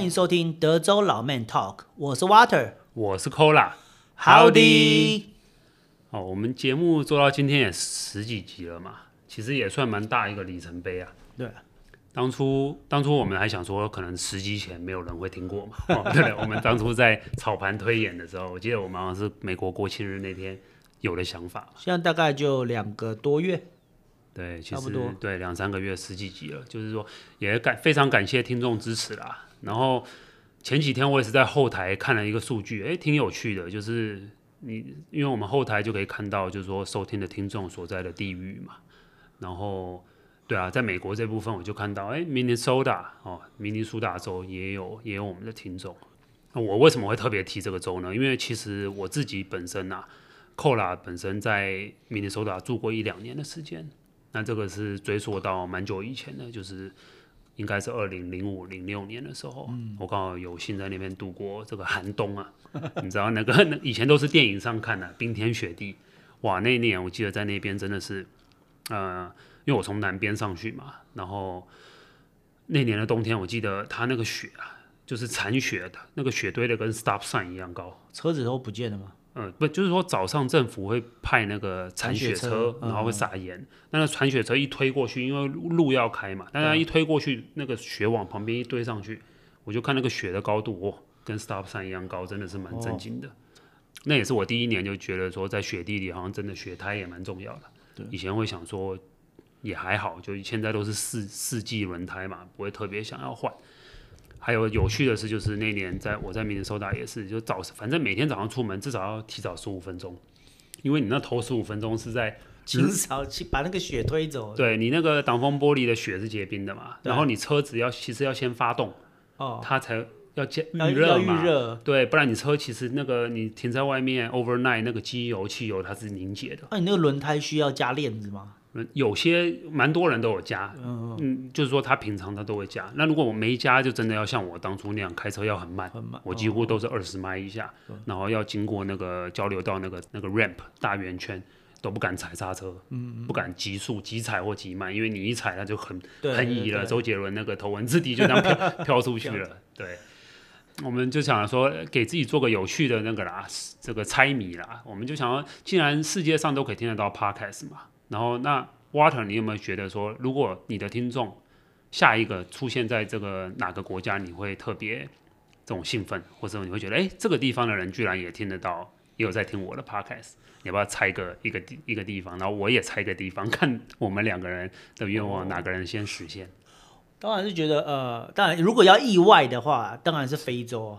歡迎收聽德州老 Man Talk，我是 Water，我是 Cola，Howdy、好的。哦，我們節目做到今天也十幾集了嘛，其實也算蠻大一個里程碑啊。對，當初當初我們還想說，可能十集前沒有人會聽過嘛、 哦。對，我們當初在草盤推演的時候， 我記得我們好像是美國國慶日那天有了想法。現在大概就兩個多月，對，其實差不多，對，兩三個月，十幾集了，就是說也感非常感謝聽眾支持啦。然後前幾天我也是在後台看了一個數據，誒，挺有趣的，就是你因為我們後台就可以看到，就是說收聽的聽眾所在的地域嘛。然後，對啊，在美國這部分我就看到，哎，Minnesota 哦，明尼蘇達州也有也有我們的聽眾。那我為什麼會特別提這個州呢？因為其實我自己本身啊，Cola 本身在明尼蘇達住過一兩年的時間，那這個是追溯到蠻久以前的，就是。應該是二零零五零六年的時候，嗯、我剛好有幸在那邊度過這個寒冬啊！ 你知道那個那以前都是電影上看的、啊、冰天雪地，哇！那年我記得在那邊真的是，呃，因為我從南邊上去嘛，然後那年的冬天我記得他那個雪啊，就是殘雪的那個雪堆的跟 stop sign 一樣高，車子都不見了嗎？嗯、呃，不就是說早上政府會派那個鏟雪，雪車，然後會撒鹽。嗯、那個鏟雪車一推過去，因為路要開嘛，大家一推過去，那個雪往旁邊一堆上去，我就看那個雪的高度，哦，跟 stop sign 一樣高，真的是蠻震驚的、哦。那也是我第一年就覺得說，在雪地裡好像真的雪胎也蠻重要的。以前會想說也還好，就現在都是四四季輪胎嘛，不會特別想要換。還有有趣的事，就是那年在我在明尼蘇達也是，就早反正每天早上出門至少要提早十五分鐘，因為你那頭十五分鐘是在清掃去把那個雪推走。對，你那個擋風玻璃的雪是結冰的嘛？然後你車子要其實要先發動，哦，它才要加要熱預熱，對，不然你車其實那個你停在外面 overnight 那個機油汽油它是凝結的。那、啊、你那個輪胎需要加鏈子嗎？有些蠻多人都有加嗯，嗯，就是說他平常他都會加。那、嗯、如果我沒加、嗯，就真的要像我當初那樣開車要很慢，很慢，我幾乎都是二十邁以下、嗯，然後要經過那個交流道那個那個 ramp 大圓圈、嗯、都不敢踩剎車，嗯、不敢急速急踩或急慢，因為你一踩它就很很移了。周杰倫那個頭文字 D 就那樣飄飄 出去了。對，我們就想說給自己做個有趣的那個啦，這個猜謎啦，我們就想說既然世界上都可以聽得到 podcast 嘛。然後那 Water，你有沒有覺得說，如果你的聽眾下一個出現在這個哪個國家，你會特別這種興奮，或者你會覺得哎，這個地方的人居然也聽得到，也有在聽我的 Podcast，你要不要猜個一個地一，一個地方？然後我也猜個地方，看我們兩個人的願望哪個人先實現？當然是覺得呃，當然如果要意外的話，當然是非洲。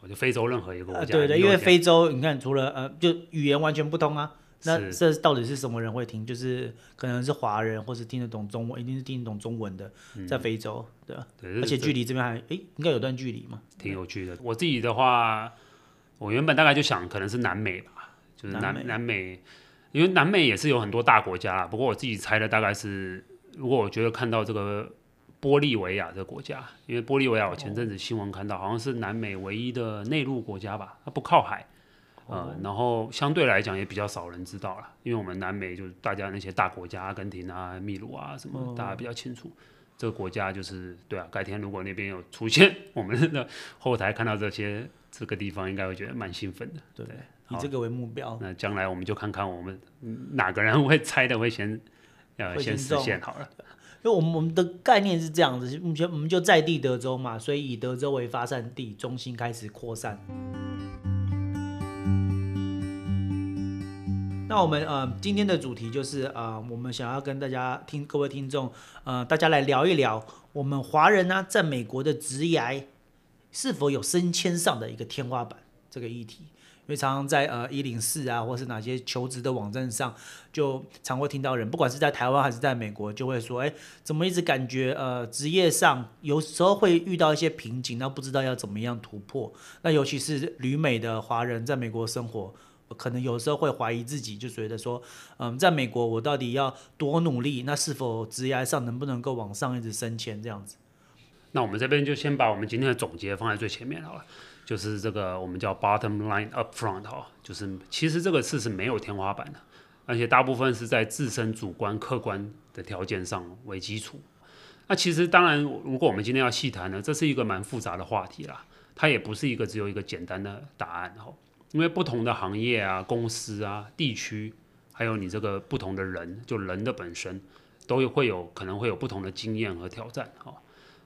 我就非洲任何一個國家。呃、對，對對，因為非洲你看，除了呃，就語言完全不通啊。那這到底是什麼人會聽？是就是可能是華人，或是聽得懂中文，一定是聽得懂中文的，在非洲，嗯、對吧？而且距離這邊還，哎、欸，應該有段距離嘛。挺有趣的。我自己的話，我原本大概就想可能是南美吧，就是南南美，南美，因為南美也是有很多大國家。不過我自己猜的大概是，如果我覺得看到這個玻利維亞這個國家，因為玻利維亞我前陣子新聞看到、哦，好像是南美唯一的內陸國家吧，它不靠海。嗯，然後相對來講也比較少人知道了，因為我們南美就是大家那些大國家，阿根廷啊、秘魯啊什麼，大家比較清楚。嗯，這個國家就是對啊，改天如果那邊有出現，我們的後台看到這些這個地方，應該會覺得蠻興奮的，對不對？以這個為目標，那將來我們就看看我們哪個人會猜的會先，呃，先實現好了。因為我們我們的概念是這樣子，目前我們就在地德州嘛，所以以德州為發散地中心開始擴散。那我們呃今天的主題就是呃我們想要跟大家聽各位聽眾呃大家來聊一聊我們華人呢、啊、在美國的職業是否有升遷上的一個天花板這個議題，因為常常在呃一零四啊或是哪些求職的網站上就常會聽到人，不管是在台灣還是在美國，就會說哎怎麼一直感覺呃職業上有時候會遇到一些瓶頸，那不知道要怎麼樣突破。那尤其是旅美的華人在美國生活。可能有時候會懷疑自己，就覺得說，嗯，在美國我到底要多努力？那是否職業上能不能夠往上一直升遷這樣子？那我們這邊就先把我們今天的總結放在最前面好了，就是這個我們叫 bottom line up front 哈，就是其實這個事是沒有天花板的，而且大部分是在自身主觀客觀的條件上為基礎。那其實當然，如果我們今天要細談呢，這是一個蠻複雜的話題啦，它也不是一個只有一個簡單的答案哈。因為不同的行業啊、公司啊、地區，還有你這個不同的人，就人的本身，都會有可能會有不同的經驗和挑戰哈、哦。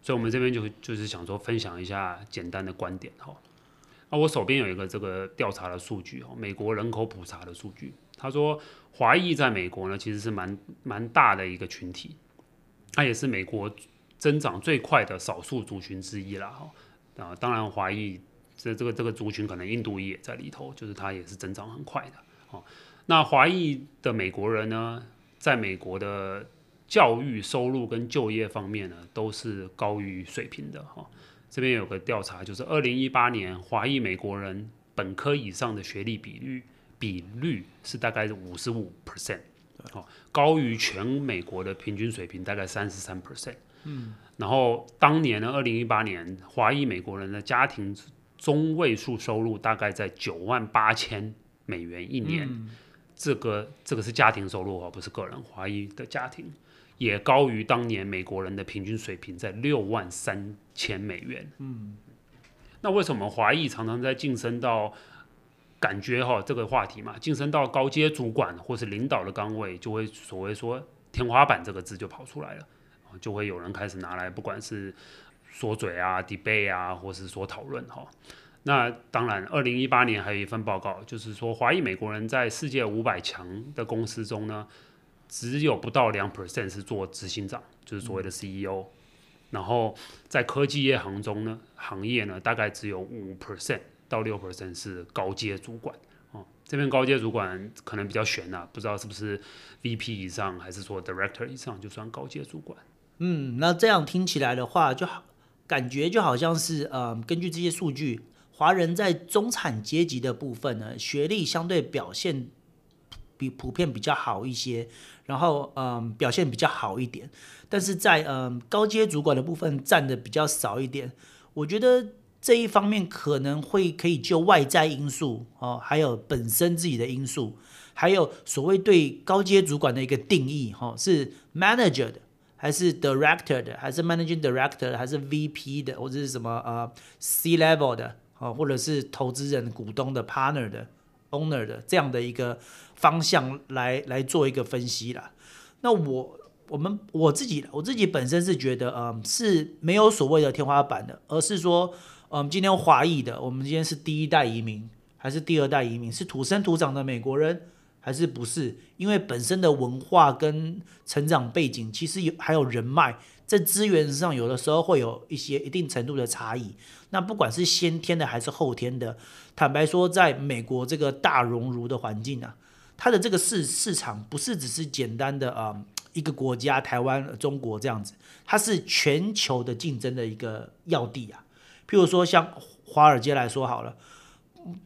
所以我們這邊就就是想說分享一下簡單的觀點哈。那、哦啊、我手邊有一個這個調查的數據哈、哦，美國人口普查的數據，他說華裔在美國呢其實是蠻蠻大的一個群體，它也是美國增長最快的少數族群之一啦哈、哦。啊，當然華裔。這這個這個族群可能印度裔也在裡頭，就是它也是增長很快的哦。那華裔的美國人呢，在美國的教育、收入跟就業方面呢，都是高於水平的哈、哦。這邊有個調查，就是二零一八年華裔美國人本科以上的學歷比率，比率是大概是五十五 percent，高於全美國的平均水平大概三十三 percent。嗯，然後當年呢，二零一八年華裔美國人的家庭中位數收入，大概在九萬八千美元一年，嗯、這個這個是家庭收入哦，不是個人。華裔的家庭也高於當年美國人的平均水平，在六萬三千美元。嗯，那為什麼華裔常常在晉升到感覺哈、哦、這個話題嘛，晉升到高階主管或是領導的崗位，就會所謂說天花板這個字就跑出來了，就會有人開始拿來，不管是說嘴啊，debate 啊，或是說討論哈、哦。那當然，二零一八年還有一份報告，就是說華裔美國人在世界五百強的公司中呢，只有不到兩 percent 是做執行長，就是所謂的 CEO、嗯。然後在科技業行中呢，行業呢大概只有五 percent 到六 percent 是高階主管、哦、這邊高階主管可能比較懸呢、啊，不知道是不是 VP 以上，還是說 Director 以上就算高階主管？嗯，那這樣聽起來的話就好感覺就好像是，嗯，根據這些數據，華人在中產階級的部分呢，學歷相對表現比普遍比較好一些，然後，嗯，表現比較好一點，但是在，嗯，高階主管的部分占的比較少一點。我覺得這一方面可能會可以就外在因素，哦，還有本身自己的因素，還有所謂對高階主管的一個定義，哈，哦，是 manager 的。還是 director 的，還是 managing director 的，還是 VP 的，或者是什麼呃 C-level 的，啊，或者是投資人、股東的 partner 的、owner 的這樣的一個方向來來做一個分析啦。那我、我們、我自己、我自己本身是覺得，嗯，是沒有所謂的天花板的，而是說，嗯，今天華裔的，我們今天是第一代移民，還是第二代移民，是土生土長的美國人。還是不是？因為本身的文化跟成長背景，其實有還有人脈，在資源上有的時候會有一些一定程度的差異。那不管是先天的還是後天的，坦白說，在美國這個大熔爐的環境啊，它的這個市市場不是只是簡單的啊、嗯、一個國家，台灣、中國這樣子，它是全球的競爭的一個要地啊。譬如說像華爾街來說好了，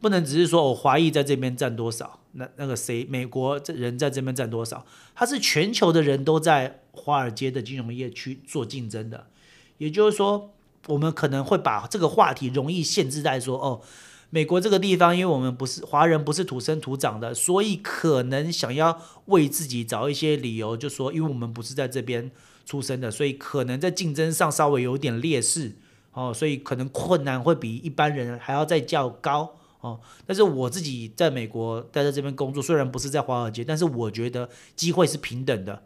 不能只是說我華裔在這邊佔多少。那那個誰，美國這人在這邊佔多少？他是全球的人都在華爾街的金融業去做競爭的。也就是說，我們可能會把這個話題容易限制在說，哦，美國這個地方，因為我們不是華人，不是土生土長的，所以可能想要為自己找一些理由，就說，因為我們不是在這邊出生的，所以可能在競爭上稍微有點劣勢，哦，所以可能困難會比一般人還要再較高。哦，但是我自己在美國待在這邊工作，雖然不是在華爾街，但是我覺得機會是平等的，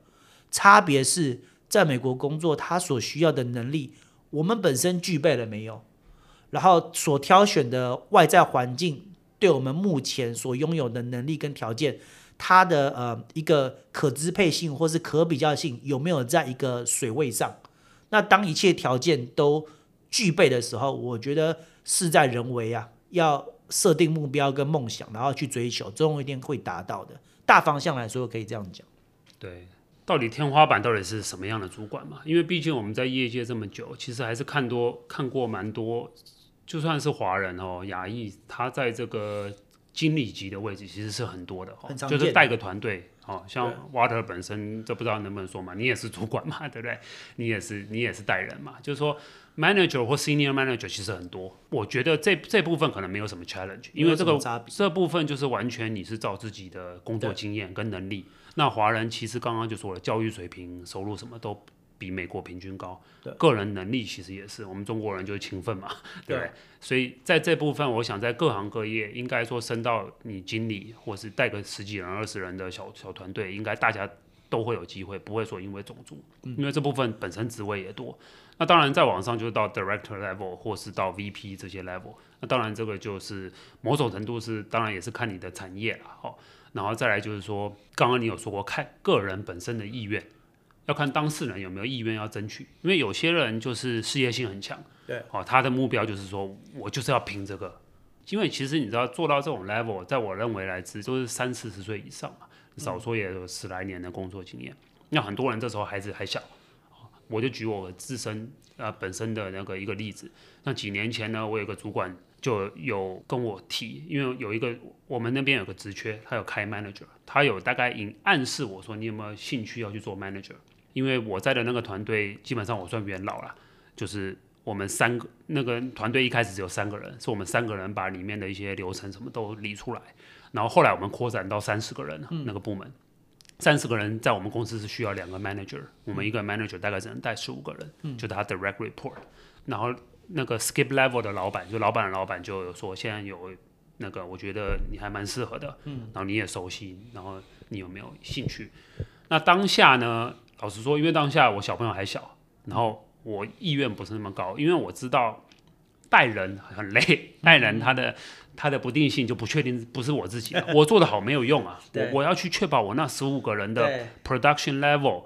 差別是在美國工作他所需要的能力，我們本身具備了沒有，然後所挑選的外在環境對我們目前所擁有的能力跟條件，它的呃一個可支配性或是可比較性有沒有在一個水位上？那當一切條件都具備的時候，我覺得事在人為啊，要。設定目標跟夢想，然後去追求，總有一天會達到的。大方向來說，可以這樣講。對，到底天花板到底是什麼樣的主管嘛？因為畢竟我們在業界這麼久，其實還是看多看過蠻多，就算是華人哦，亞裔，他在這個。經理級的位置其實是很多的，哦，就是帶個團隊，哦，像 Water 本身，這不知道能不能說嘛？你也是主管嘛，對不對？你也是你也是帶人嘛？就是說，manager 或 senior manager 其實很多，我覺得這這部分可能沒有什麼 challenge，因為這個這部分就是完全你是照自己的工作經驗跟能力。那華人其實剛剛就說了，教育水平、收入什麼都。比美國平均高對，個人能力其實也是我們中國人就是勤奮嘛，對不對？所以在這部分，我想在各行各業，應該說升到你經理或是帶個十幾人、二十人的小小團隊，應該大家都會有機會，不會說因為種族，嗯、因為這部分本身職位也多。那當然，在往上就是到 director level 或是到 VP 這些 level，那當然這個就是某種程度是當然也是看你的產業啊，好、哦，然後再來就是說剛剛你有說過看個人本身的意願。嗯要看當事人有沒有意願要爭取，因為有些人就是事業性很強，對，哦，他的目標就是說，我就是要拼這個。因為其實你知道，做到這種 level，在我認為來之都是三四十歲以上嘛，少說也有十來年的工作經驗，嗯。那很多人這時候孩子還小，我就舉我自身呃、啊、本身的那個一個例子。那幾年前呢，我有個主管就有跟我提，因為有一個我們那邊有個職缺，他有開 manager，他有大概隱暗示我說，你有沒有興趣要去做 manager？因為我在的那個團隊，基本上我算元老了。就是我們三個那個團隊一開始只有三個人，是我們三個人把裡面的一些流程什麼都理出來。然後後來我們擴展到三十個人、嗯、那個部門，三十個人在我們公司是需要兩個 manager、嗯、我們一個 manager 大概只能帶十五個人、嗯，就他 direct report。然後那個 skip level 的老闆，就老闆的老闆就有說，現在有那個我覺得你還蠻適合的，嗯，然後你也熟悉，然後你有沒有興趣？嗯、那當下呢？老實說，因為當下我小朋友還小，然後我意願不是那麼高，因為我知道帶人很累，帶人他的他的不定性就不確定，不是我自己， 我做得好沒有用啊，我我要去確保我那十五個人的 production level。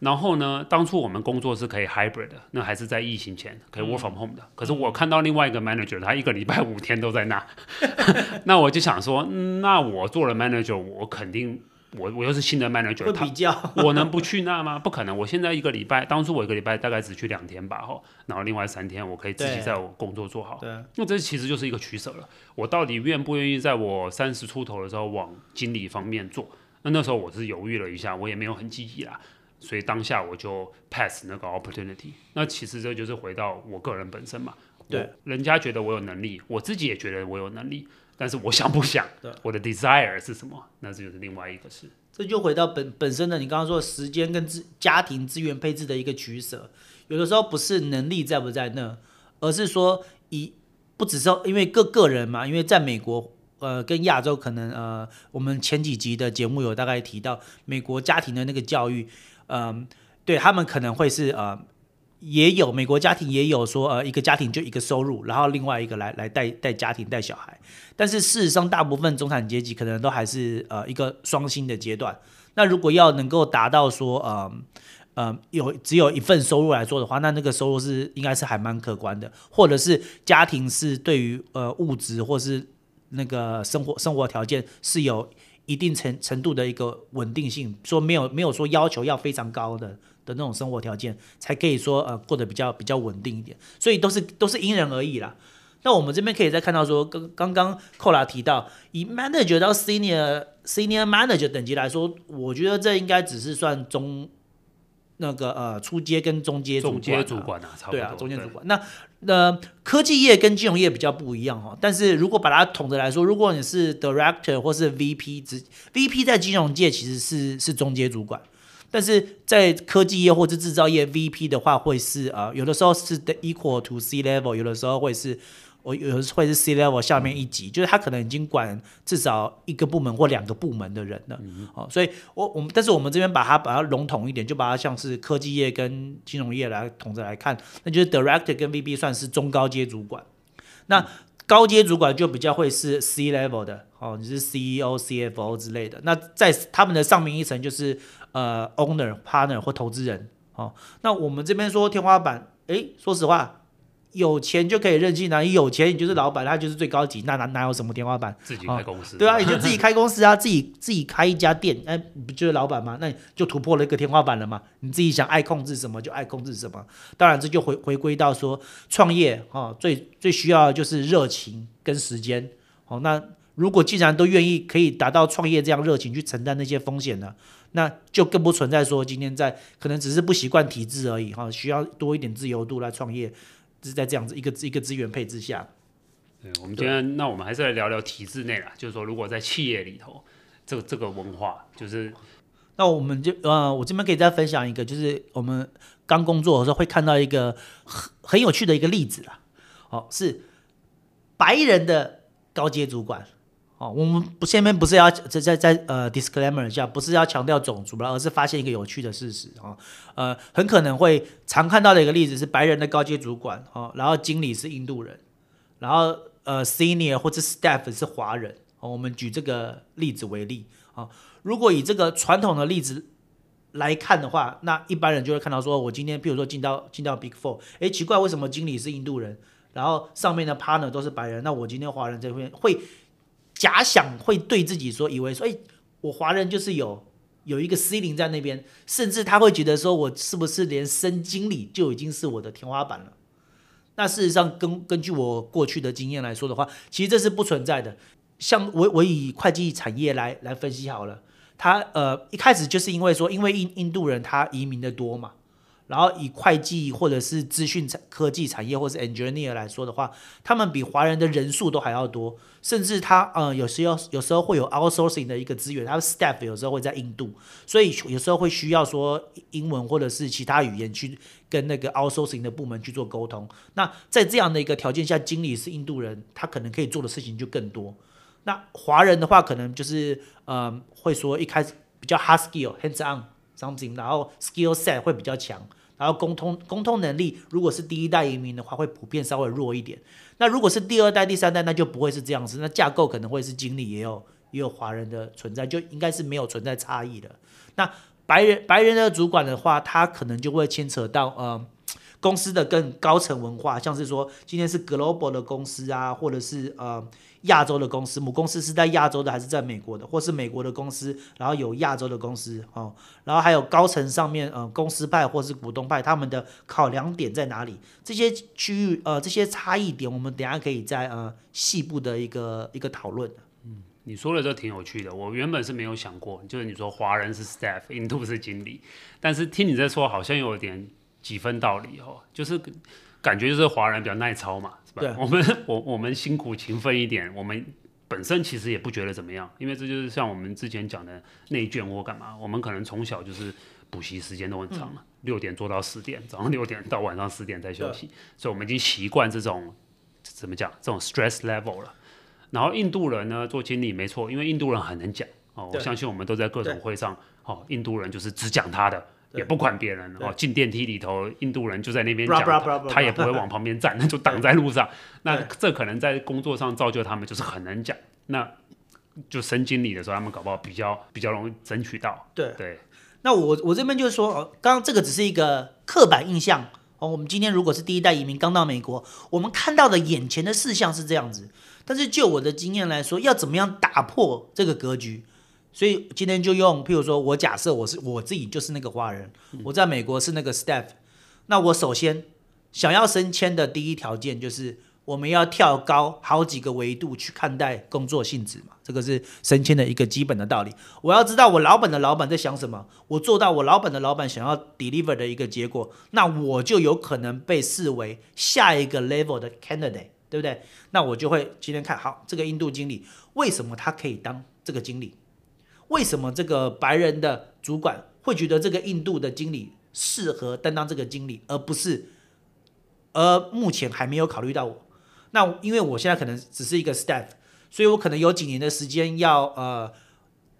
然後呢，當初我們工作是可以 hybrid 的，那還是在疫情前可以 work from home 的、嗯。可是我看到另外一個 manager，他一個禮拜五天都在那， 那我就想說，那我做了 manager，我肯定。我我又是新的 manager。他我能不去那嗎？ 不可能，我現在一個禮拜，當初我一個禮拜大概只去兩天吧，哈，然後另外三天我可以自己在我工作做好。對。那這其實就是一個取舍了，我到底願不願意在我三十出頭的時候往經理方面做？那那時候我是猶豫了一下，我也沒有很積極啦，所以當下我就 pass 那個 opportunity。那其實這就是回到我個人本身嘛，對，人家覺得我有能力，我自己也覺得我有能力。但是我想不想，我的 desire 是什麼？那這就是另外一個事。這就回到本本身的，你剛剛說時間跟資家庭資源配置的一個取捨，有的時候不是能力在不在那，而是說以不只是因為個個人嘛，因為在美國，呃，跟亞洲可能，呃，我們前幾集的節目有大概提到美國家庭的那個教育，嗯、呃，對他們可能會是呃。也有美國家庭也有說，呃，一個家庭就一個收入，然後另外一個來來帶帶家庭帶小孩。但是事實上，大部分中產階級可能都還是呃一個雙薪的階段。那如果要能夠達到說，呃呃有只有一份收入來說的話，那那個收入是應該是還蠻可觀的，或者是家庭是對於呃物質或是那個生活生活條件是有一定程程度的一個穩定性，說沒有沒有說要求要非常高的，的那種生活條件，才可以說呃過得比較比較穩定一點，所以都是都是因人而異啦。那我們這邊可以再看到說，剛剛剛 Cola 提到，以 manager 到 senior senior manager 等級來說，我覺得這應該只是算中那個呃初階跟中階中階主管啊，管啊差不多。對啊，中階主管。那呃科技業跟金融業比較不一樣哈、啊，但是如果把它統的來說，如果你是 director 或是 VP，之 VP 在金融界其實是是中階主管。但是在科技業或者製造業，VP 的話會是啊，有的時候是 the equal to C level，有的時候會是，我有的時候會是 C level 下面一級、嗯，就是他可能已經管，至少一個部門或兩個部門的人了。嗯、哦，所以我我們但是我們這邊把它把它籠統一點，就把它像是科技業跟金融業來統着來看，那就是 director 跟 VP 算是中高階主管。那高階主管就比較會是 C level 的，哦，你、就是 CEO、CFO 之類的。那在他們的上面一層就是。呃，owner、partner 或投資人，哦，那我們這邊說天花板，誒、欸，說實話，有錢就可以任性啊，有錢你就是老闆、嗯，他就是最高級，那哪哪有什麼天花板？自己開公司。哦，對啊，你就自己開公司啊， 自己自己開一家店，哎、欸，不就是老闆嗎？那你就突破了一個天花板了嘛，你自己想愛控制什麼就愛控制什麼，當然這就回回歸到說創業，哦，最最需要的就是熱情跟時間，哦，那。如果既然都願意可以達到創業這樣熱情去承擔那些風險呢，那就更不存在說今天在可能只是不習慣體制而已哈，需要多一點自由度來創業，就是在這樣子一個一個資源配置下。嗯，我們今天那我們還是來聊聊體制內啦，就是說如果在企業裡頭，這個這個文化就是，那我們就呃，我這邊可以再分享一個，就是我們剛工作的時候會看到一個很很有趣的一個例子啦。哦，是白人的高階主管。哦，我們不下面不是要在在在呃 disclaimer 一下，不是要強調種族了，而是發現一個有趣的事實啊、哦。呃，很可能會常看到的一個例子是白人的高階主管哦，然後經理是印度人，然後呃 senior 或者 staff 是華人、哦。我們舉這個例子為例啊、哦。如果以這個傳統的例子來看的話，那一般人就會看到說，我今天譬如說進到進到 Big Four，誒，奇怪，為什麼經理是印度人，然後上面的 partner 都是白人？那我今天華人這邊會。假想會對自己說，以為說，以、欸、我華人就是有有一個 C 零在那邊，甚至他會覺得說，我是不是連升經理就已經是我的天花板了？那事實上，根根據我過去的經驗來說的話，其實這是不存在的。像我我以會計產業來來分析好了，他呃一開始就是因為說，因為印印度人他移民的多嘛。然後以會計或者是資訊科技產業或是 engineer 來說的話，他們比華人的人數都還要多，甚至他呃有時候有時候會有 outsourcing 的一個資源，他的 staff 有時候會在印度，所以有時候會需要說英文或者是其他語言去跟那個 outsourcing 的部門去做溝通。那在這樣的一個條件下，經理是印度人，他可能可以做的事情就更多。那華人的話，可能就是呃會說一開始比較 husky 哦 hands on，然後 skill set 會比較強，然後溝通溝通能力，如果是第一代移民的話，會普遍稍微弱一點。那如果是第二代、第三代，那就不會是這樣子。那架構可能會是經理也有也有華人的存在，就應該是沒有存在差異的。那白人白人的主管的話，他可能就會牽扯到呃公司的更高層文化，像是說今天是 global 的公司啊，或者是呃。亞洲的公司，母公司是在亞洲的還是在美國的，或是美國的公司，然後有亞洲的公司哦，然後還有高層上面，嗯、呃，公司派或是股東派，他們的考量點在哪裡？這些區域，呃，這些差異點，我們等下可以在呃，細部的一個一個討論。嗯，你說的都挺有趣的，我原本是沒有想過，就是你說華人是 staff，印度是經理，但是聽你在說，好像有點幾分道理哦，就是感覺就是華人比較耐操嘛。Right. 對我們，我我們辛苦勤奮一點，我們本身其實也不覺得怎麼樣，因為這就是像我們之前講的內捲或幹嘛，我們可能從小就是補習時間都很長了，嗯、六點做到十點，早上六點到晚上十點再休息，所以我們已經習慣這種怎麼講這種 stress level 了。然後印度人呢做經理沒錯，因為印度人很能講哦，我相信我們都在各種會上，哦，印度人就是只講他的。也不管別人哦，進電梯裡頭，印度人就在那邊講，他也不會往旁邊站，那就擋在路上。那這可能在工作上造就他們就是很難講。那就升經理的時候，他們搞不好比較比較容易爭取到。對對。那我我這邊就是說，哦，剛剛這個只是一個刻板印象哦。我們今天如果是第一代移民剛到美國，我們看到的眼前的事項是這樣子。但是就我的經驗來說，要怎麼樣打破這個格局？所以今天就用，譬如說我假設我是我自己就是那個華人，嗯，我在美國是那個 staff，那我首先想要升遷的第一條件就是我們要跳高好幾個維度去看待工作性質嘛，這個是升遷的一個基本的道理。我要知道我老闆的老闆在想什麼，我做到我老闆的老闆想要 deliver 的一個結果，那我就有可能被視為下一個 level 的 candidate，對不對？那我就會今天看好這個印度經理，為什麼他可以當這個經理？為什麼這個白人的主管會覺得這個印度的經理適合擔當這個經理，而不是，而目前還沒有考慮到我？那因為我現在可能只是一個 staff，所以我可能有幾年的時間要呃，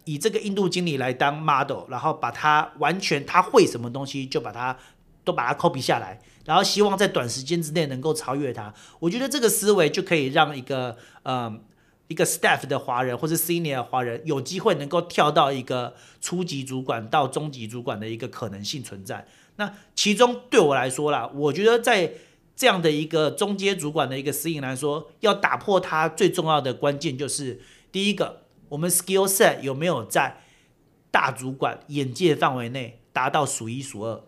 以這個印度經理來當 model，然後把他完全他會什麼東西就把他都把它 copy 下來，然後希望在短時間之內能夠超越他。我覺得這個思維就可以讓一個嗯、呃。一個 staff 的華人或者 senior 的華人有機會能夠跳到一個初級主管到中級主管的一個可能性存在。那其中對我來說啦，我覺得在這樣的一個中階主管的一個適應來說，要打破它最重要的關鍵就是，第一個，我們 skill set 有沒有在大主管眼界範圍內達到數一數二？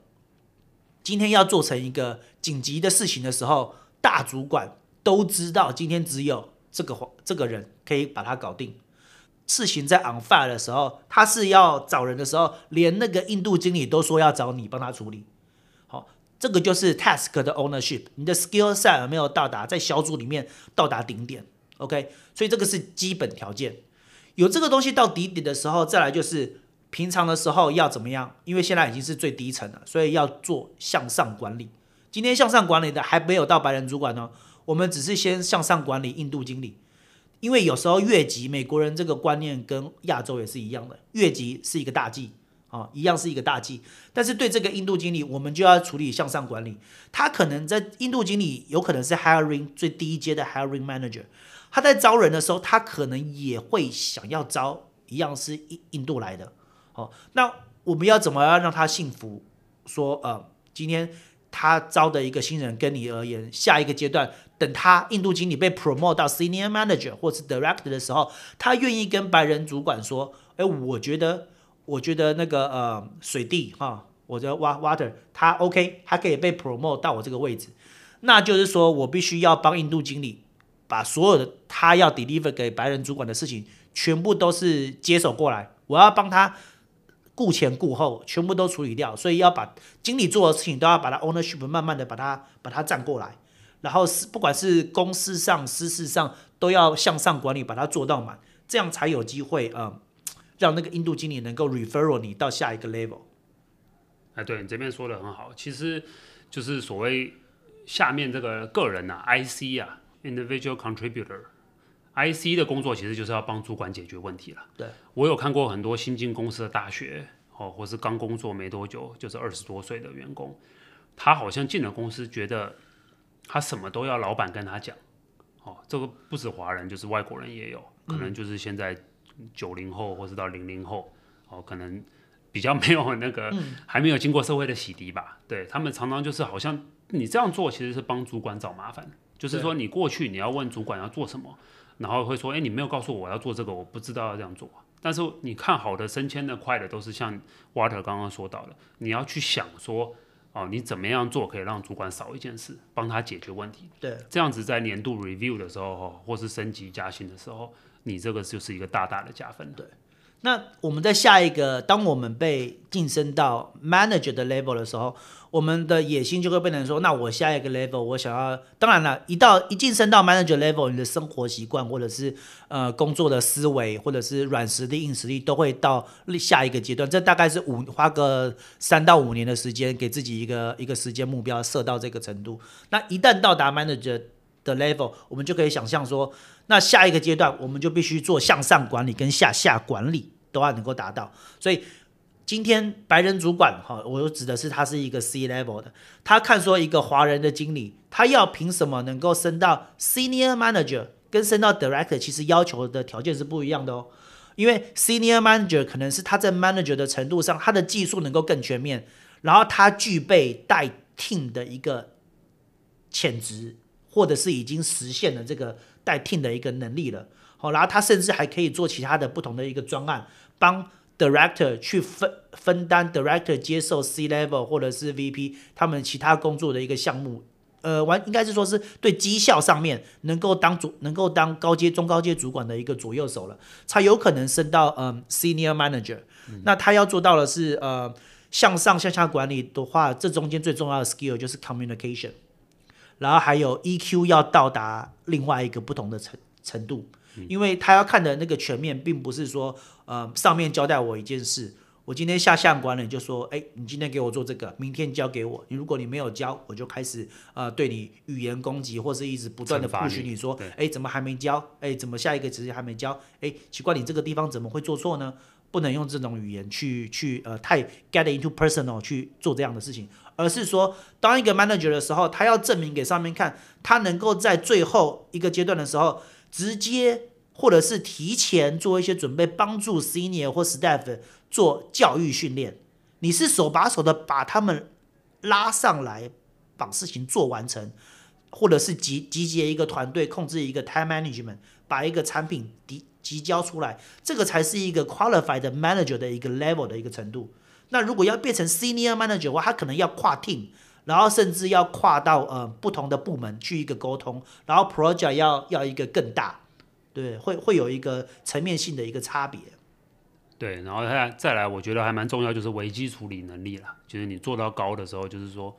今天要做成一個緊急的事情的時候，大主管都知道今天只有。這個話，這個人可以把他搞定。事情在 on fire 的時候，他是要找人的時候，連那個印度經理都說要找你幫他處理。好，這個就是 task 的 ownership。你的 skill set 沒有到達，在小組裡面到達頂點。OK，所以這個是基本條件。有這個東西到底底的時候，再來就是平常的時候要怎麼樣？因為現在已經是最低層了，所以要做向上管理。今天向上管理的還沒有到白人主管呢。我們只是先向上管理印度經理，因為有時候越級，美國人這個觀念跟亞洲也是一樣的，越級是一個大忌啊、哦，一樣是一個大忌。但是對這個印度經理，我們就要處理向上管理。他可能在印度經理有可能是 hiring 最低階的 hiring manager，他在招人的時候，他可能也會想要招一樣是印印度來的。好、哦，那我們要怎麼樣讓他信服？說呃，今天。他招的一個新人跟你而言，下一個階段，等他印度經理被 promote 到 senior manager 或是 director 的時候，他願意跟白人主管說：“誒，我覺得，我覺得那個呃，水弟哈、哦，我覺得 Wa Water，他 OK，他可以被 promote 到我這個位置。”那就是說我必須要幫印度經理把所有的他要 deliver 給白人主管的事情，全部都是接手過來，我要幫他。顧前顧後，全部都處理掉，所以要把經理做的事情都要把它 ownership 慢慢的把它把它佔過來，然後是不管是公司上、私事上，都要向上管理，把它做到滿，這樣才有機會啊，嗯，讓那個印度經理能夠 referral 你到下一個 level。哎，對，你這邊說的很好，其實就是所謂下面這個個人吶、啊，IC 啊，individual contributor。IC 的工作其實就是要幫主管解決問題了，對。對我有看過很多新進公司的大學哦，或是剛工作沒多久，就是二十多歲的員工，他好像進了公司，覺得他什麼都要老板跟他講。哦，這個不止華人，就是外國人也有，可能就是現在九零後或是到零零後、嗯、哦，可能比較沒有那個還沒有經過社會的洗滌吧。嗯、對他們常常就是好像你這樣做其實是幫主管找麻煩，就是說你過去你要問主管要做什麼。然後會說，哎，你沒有告訴我要做這個，我不知道要這樣做。但是你看好的升遷的快的，都是像 Water 剛剛說到的，你要去想說，哦，你怎麼樣做可以讓主管少一件事，幫他解決問題。對，這樣子在年度 review 的時候，或是升級加薪的時候，你這個就是一個大大的加分了。對。那我們在下一個，當我們被晉升到 manager 的 level 的時候，我們的野心就會變成說，那我下一個 level 我想要。當然了，一到一晉升到 manager level，你的生活習慣或者是呃工作的思維或者是軟實力、硬實力都會到下一個階段。這大概是五，花個三到五年的時間，給自己一個一個時間目標，設到這個程度。那一旦到達 manager。的 level，我們就可以想象說，那下一個階段我們就必須做向上管理跟下下管理都要能夠達到。所以今天白人主管哈，我又指的是他是一個 C level 的，他看說一個華人的經理，他要憑什麼能夠升到 senior manager 跟升到 director，其實要求的條件是不一樣的哦。因為 senior manager 可能是他在 manager 的程度上，他的技術能夠更全面，然後他具備帶 team 的一個潛質。或者是已經實現了這個代 T 的一個能力了，好，然後他甚至還可以做其他的不同的一個專案，幫 Director 去分分擔 Director 接受 C level 或者是 VP 他們其他工作的一個項目，呃，完應該是說是對績效上面能夠當主，能夠當高階中高階主管的一個左右手了，才有可能升到嗯、呃、Senior Manager 嗯。那他要做到的是呃向上向下管理的話，這中間最重要的 skill 就是 communication。然後還有 EQ 要到達另外一個不同的程程度、嗯，因為他要看的那個全面，並不是說，呃，上面交代我一件事，我今天下項管理就說，哎、欸，你今天給我做這個，明天交給我，你如果你沒有交，我就開始，呃，對你語言攻擊，或是一直不斷的不許你說，哎、欸，怎麼還沒交？哎、欸，怎麼下一個直接還沒交？哎、欸，奇怪，你這個地方怎麼會做錯呢？不能用這種語言去去呃太 get into personal 去做這樣的事情。而是說，當一個 manager 的時候，他要證明給上面看，他能夠在最後一個階段的時候，直接或者是提前做一些準備，幫助 senior 或 staff 做教育訓練。你是手把手的把他們拉上來，把事情做完成，或者是集集結一個團隊，控制一個 time management，把一個產品提提交出來，這個才是一個 qualified manager 的一個 level 的一個程度。那如果要變成 senior manager 的話，他可能要跨 team，然後甚至要跨到呃、嗯、不同的部門去一個溝通，然後 project 要要一個更大，對，會會有一個層面性的一個差別。對，然後再再來，我覺得還蠻重要就是危機處理能力了。就是你做到高的時候，就是說，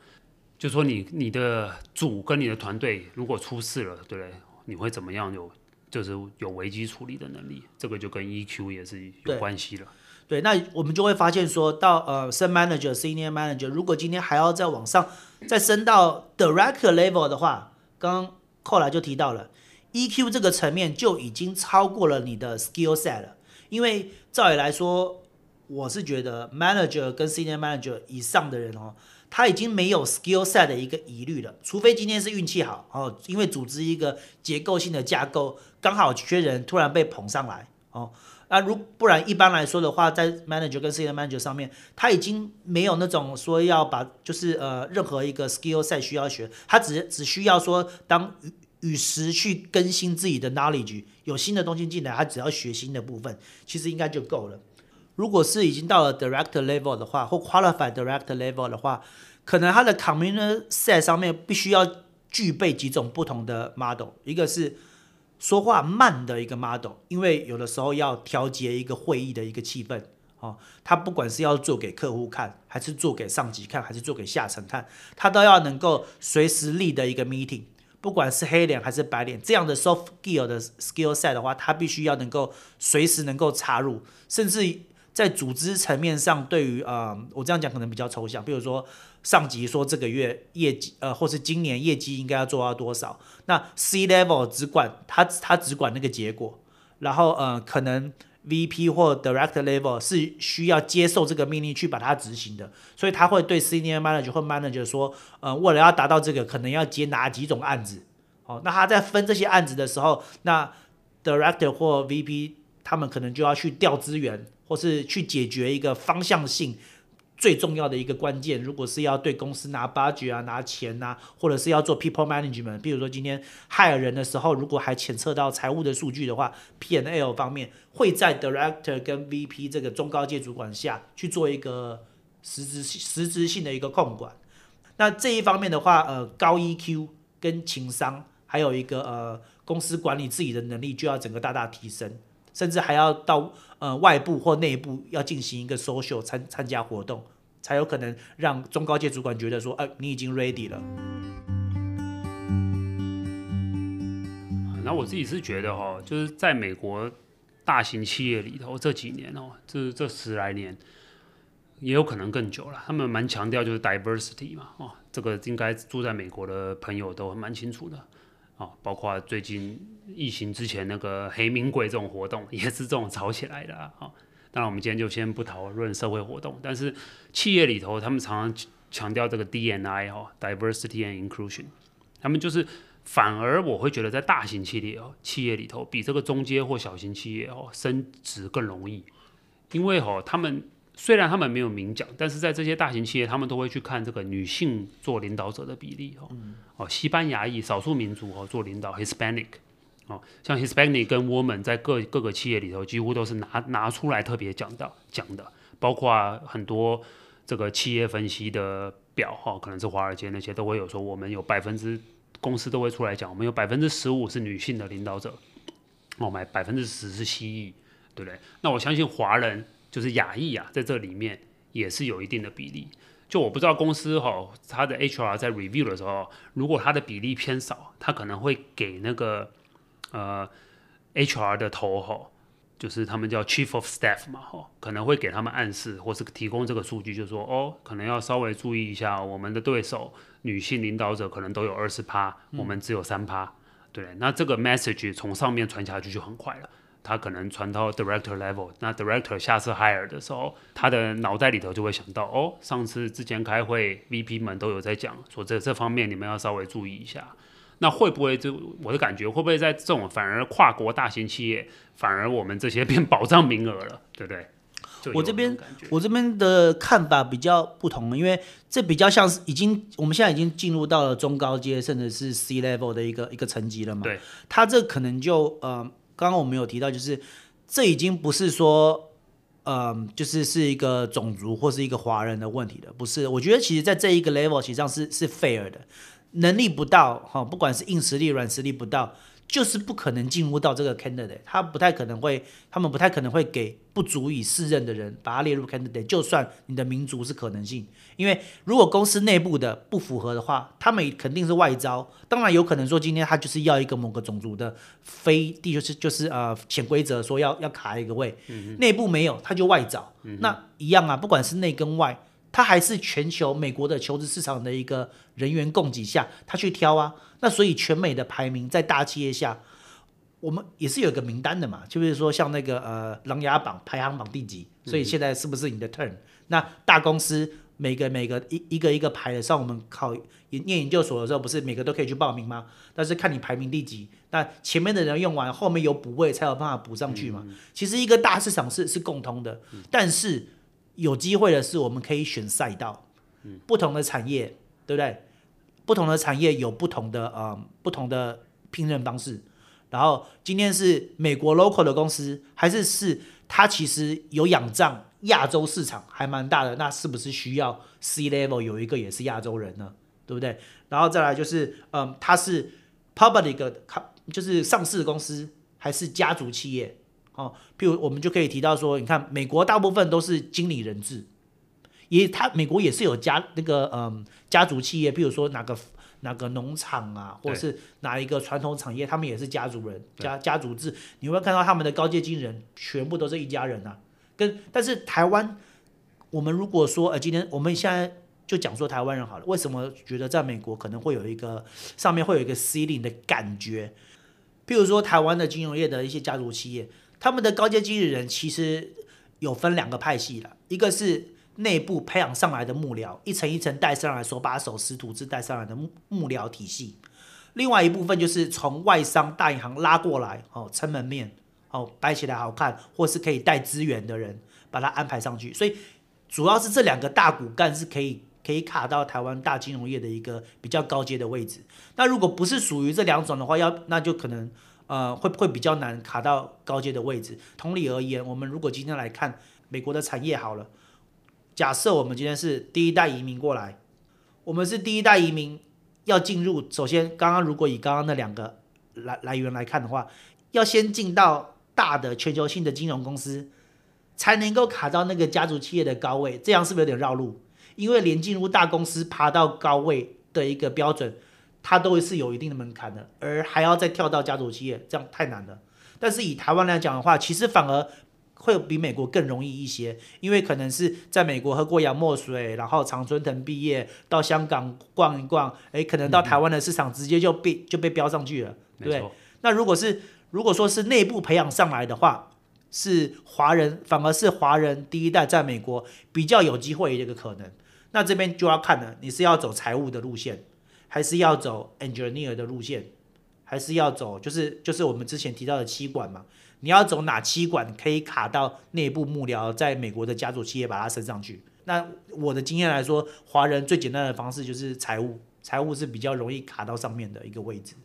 就是說你你的組跟你的團隊如果出事了，對不對？你會怎麼樣有？有就是有危機處理的能力，這個就跟 EQ 也是有關係了。對，那我們就會發現說，說到呃生 manager、senior manager，如果今天還要再往上，再升到 director level 的話，剛剛 Cola 就提到了 EQ 這個層面就已經超過了你的 skill set 了。因為照理來說，我是覺得 manager 跟 senior manager 以上的人哦，他已經沒有 skill set 的一個疑慮了，除非今天是運氣好哦，因為組織一個結構性的架構剛好缺人，突然被捧上來哦。那、啊、如不然，一般來說的話，在 manager 跟 senior manager 上面，他已經沒有那種說要把，就是呃任何一個 skill set 需要學，他只只需要說當與時去更新自己的 knowledge，有新的東西進來，他只要學新的部分，其實應該就夠了。如果是已經到了 director level 的話，或 qualified director level 的話，可能他的 community set 上面必須要具備幾種不同的 model，一個是。說話慢的一個 model，因為有的時候要調節一個會議的一個氣氛，哦，他不管是要做給客戶看，還是做給上級看，還是做給下層看，他都要能夠隨時立的一個 meeting，不管是黑臉還是白臉，這樣的 soft skill 的 skill set 的話，他必須要能夠隨時能夠插入，甚至在組織層面上，對於，呃，我這樣講可能比較抽象，比如說。上級說這個月業績，呃，或是今年業績應該要做到多少？那 C level 只管他，他只管那個結果。然後，呃，可能 VP 或 Director level 是需要接受這個命令去把它執行的。所以，他會對 Senior Manager 或 Manager 說，呃，為了要達到這個，可能要接哪幾種案子。哦，那他在分這些案子的時候，那 Director 或 VP 他們可能就要去調資源，或是去解決一個方向性。最重要的一個關鍵，如果是要對公司拿 budget 啊、拿錢啊，或者是要做 people management，比如說今天 hire 人的時候，如果還牽涉到財務的數據的話，P&L 方面會在 director 跟 VP 這個中高階主管下去做一個實質實質性的一個控管。那這一方面的話，呃，高 EQ 跟情商，還有一個呃公司管理自己的能力，就要整個大大提升。甚至還要到呃外部或內部要進行一個 social 參參加活動，才有可能讓中高階主管覺得說，啊，你已經 ready 了。那我自己是覺得哈，哦，就是在美國大型企業裡頭這幾年哦，這這十來年，也有可能更久了。他們蠻強調就是 diversity 嘛，哦，這個應該住在美國的朋友都蠻清楚的。啊、哦，包括最近疫情之前那個黑命貴這種活動，也是這種炒起來的啊。哦、當然，我們今天就先不討論社會活動，但是企業裡頭，他們常常強調這個 DNI 哦，Diversity and Inclusion，他們就是反而我會覺得在大型企業哦，企業裡頭比這個中階或小型企業哦升職更容易，因為哦他們。雖然他們沒有明講，但是在這些大型企業，他們都會去看這個女性做領導者的比例哦、嗯。哦，西班牙裔少數民族哦做領導，Hispanic，哦，像 Hispanic 跟 Woman 在各各個企業裡頭幾乎都是拿拿出來特別講的講的，包括、啊、很多這個企業分析的表哈、哦，可能是華爾街那些都會有說，我們有百分之公司都會出來講，我們有百分之十五是女性的領導者，哦，買百分之十是西裔，對不對？那我相信華人。就是亞裔啊，在這裡面也是有一定的比例。就我不知道公司吼，他的 HR 在 review 的時候，如果他的比例偏少，他可能會給那個呃 HR 的頭吼，就是他們叫 Chief of Staff 嘛吼，可能會給他們暗示，或是提供這個數據，就是說哦，可能要稍微注意一下，我們的對手女性領導者可能都有二十趴，我們只有三趴，嗯，對，那這個 message 從上面傳下去就很快了。他可能傳到 director level，那 director 下次 hire 的時候，他的腦袋裡頭就會想到，哦，上次之前開會，VP 們都有在講，說這這方面你們要稍微注意一下。那會不會，就我的感覺，會不會在這種反而跨國大型企業，反而我們這些變保障名額了，對不對,對我？我這邊我這邊的看法比較不同，因為這比較像是已經我們現在已經進入到了中高階，甚至是 C level 的一個一個層級了嘛。對，他這可能就呃。剛剛我們有提到，就是這已經不是說，嗯、呃，就是是一個種族或是一個華人的問題了，不是？我覺得其實在這一個 level 其實上是是 fair 的，能力不到哈、哦，不管是硬實力、軟實力不到。就是不可能進入到這個 candidate，他不太可能會，他們不太可能會給不足以適任的人把他列入 candidate。就算你的民族是可能性，因為如果公司內部的不符合的話，他們肯定是外招。當然有可能說今天他就是要一個某個種族的非，地就是就是呃潛規則說要要卡一個位，嗯、內部沒有他就外找、嗯。那一樣啊，不管是內跟外。他還是全球美國的求職市場的一個人員供給下，他去挑啊。那所以全美的排名在大企業下，我們也是有一個名單的嘛。就是說像那個呃琅琊榜排行榜第幾，所以現在是不是你的 turn？、嗯、那大公司每個每個一一個一個排的，上，我們考研念研究所的時候，不是每個都可以去報名嗎？但是看你排名第幾，那前面的人用完，後面有補位才有辦法補上去嘛嗯嗯。其實一個大市場是是共通的，嗯、但是。有機會的是，我們可以選賽道，嗯，不同的產業，對不對？不同的產業有不同的呃、嗯、不同的聘任方式。然後今天是美國 local 的公司，還是是他其實有仰仗亞洲市場還蠻大的？那是不是需要 C level 有一個也是亞洲人呢？對不對？然後再來就是，嗯，他是 public 就是上市公司還是家族企業？哦，譬如我們就可以提到說，你看美國大部分都是經理人制，也他美國也是有家那個嗯、呃、家族企業，譬如說哪個哪個農場啊，或者是哪一個傳統產業，他們也是家族人家家族制。你會看到他們的高階經理人全部都是一家人吶、啊。跟但是台灣，我們如果說呃今天我們現在就講說台灣人好了，為什麼覺得在美國可能會有一個上面會有一個 ceiling 的感覺？譬如說台灣的金融業的一些家族企業。他們的高階經理人其實有分兩個派系啦，一個是內部培養上來的幕僚，一層一層帶上來，手把手師徒制帶上來的幕幕僚體系；另外一部分就是從外商大銀行拉過來，哦撐門面，哦擺起來好看，或是可以帶資源的人，把他安排上去。所以主要是這兩個大骨幹是可以可以卡到台灣大金融業的一個比較高階的位置。那如果不是屬於這兩種的話，要那就可能。呃，會不會比較難卡到高階的位置？同理而言，我們如果今天來看美國的產業好了，假設我們今天是第一代移民過來，我們是第一代移民要進入，首先剛剛如果以剛剛那兩個來來源來看的話，要先進到大的全球性的金融公司，才能夠卡到那個家族企業的高位，這樣是不是有點繞路？因為連進入大公司爬到高位的一個標準。它都是有一定的門檻的，而還要再跳到家族企業，這樣太難了。但是以台灣來講的話，其實反而會比美國更容易一些，因為可能是在美國喝過洋墨水，然後常春藤畢業，到香港逛一逛，誒，欸，可能到台灣的市場直接就被就被標上去了，嗯，對，對。那如果是如果說是內部培養上來的話，是華人，反而是華人第一代在美國比較有機會的一個可能。那這邊就要看了，你是要走財務的路線。還是要走 engineer 的路線，還是要走，就是就是我們之前提到的七管嘛。你要走哪七管，可以卡到內部幕僚，在美國的家族企業把它升上去。那我的經驗來說，華人最簡單的方式就是財務，財務是比較容易卡到上面的一個位置。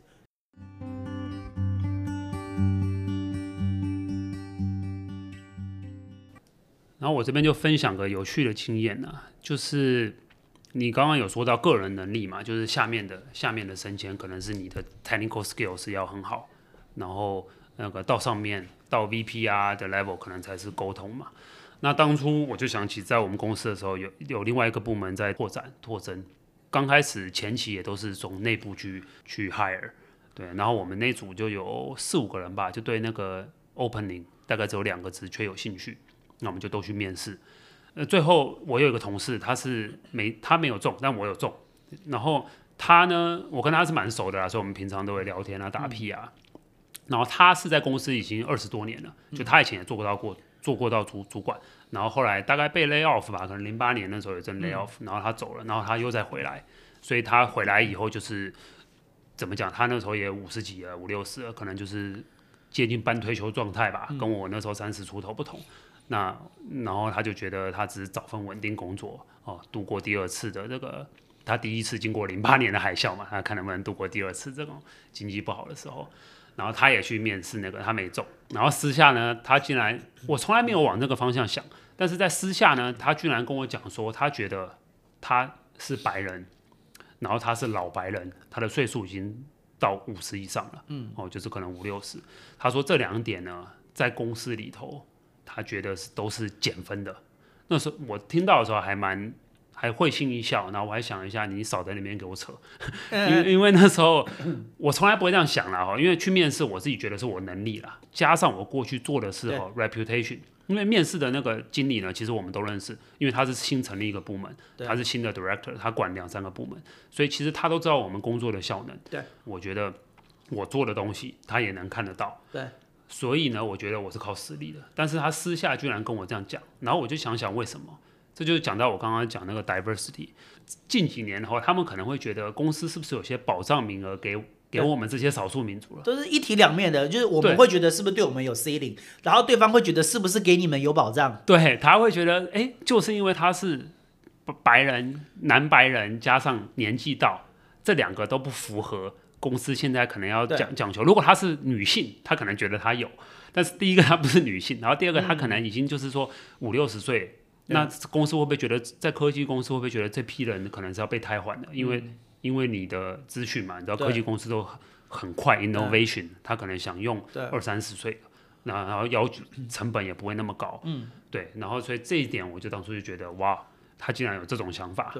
然後我這邊就分享個有趣的經驗呢、啊，就是。你剛剛有說到個人能力嘛，就是下面的下面的升遷可能是你的 technical skills 要很好，然後那個到上面到 VPR 的 level 可能才是溝通嘛。那當初我就想起在我們公司的時候有，有有另外一個部門在拓展拓增，剛開始前期也都是從內部去去 hire，對，然後我們那組就有四五個人吧，就對那個 opening 大概只有兩個字卻有興趣，那我們就都去面試。呃，最後我有一個同事，他是沒他沒有中，但我有中。然後他呢，我跟他是蠻熟的啦，所以我們平常都會聊天啊、打屁啊。嗯、然後他是在公司已經二十多年了，嗯，就他以前也做過到過做過到主主管，然後後來大概被 lay off 吧，可能零八年那時候也正 lay off、嗯、然後他走了，然後他又再回來，所以他回來以後就是怎麼講？他那時候也五十幾了，五六十了，可能就是接近半退休狀態吧，跟我那時候三十出頭不同。嗯嗯那然後他就覺得他只是找份穩定工作哦，度過第二次的這個，他第一次經過零八年的海嘯嘛，他看能不能度過第二次這種經濟不好的時候。然後他也去面試那個，他沒中。然後私下呢，他竟然，我從來沒有往那個方向想，但是在私下呢，他居然跟我講說，他覺得他是白人，然後他是老白人，他的歲數已經到五十以上了，嗯哦，就是可能五六十。他說這兩點呢，在公司裡頭。他覺得是都是減分的。那時候我聽到的時候還蠻還會心一笑，然後我還想一下，你少在那邊給我扯，因 為，因為那時候我從來不會這樣想了哈。因為去面試，我自己覺得是我能力了，加上我過去做的是吼、哦、reputation，因為面試的那個經理呢，其實我們都認識，因為他是新成立一個部門，他是新的 director，他管兩三個部門，所以其實他都知道我們工作的效能。對，我覺得我做的東西他也能看得到。對。所以呢，我覺得我是靠實力的，但是他私下居然跟我這樣講，然後我就想想為什麼，這就是講到我剛剛講那個 diversity，近幾年的話，他們可能會覺得公司是不是有些保障名額給給我們這些少數民族了？都是一體兩面的，就是我們會覺得是不是對我們有 ceiling，然後對方會覺得是不是給你們有保障？對，他會覺得，哎，就是因為他是白人，男白人加上年紀大，這兩個都不符合。公司現在可能要講講求，如果她是女性，她可能覺得她有，但是第一個她不是女性，然後第二個她可能已經就是說五六十歲，嗯、那公司會不會覺得在科技公司會不會覺得這批人可能是要被替換的、嗯？因為因為你的資訊嘛，你知道科技公司都很快 innovation，他可能想用二三十歲，那然後要求成本也不會那麼高，嗯，對，然後所以這一點我就當初就覺得哇，他竟然有這種想法。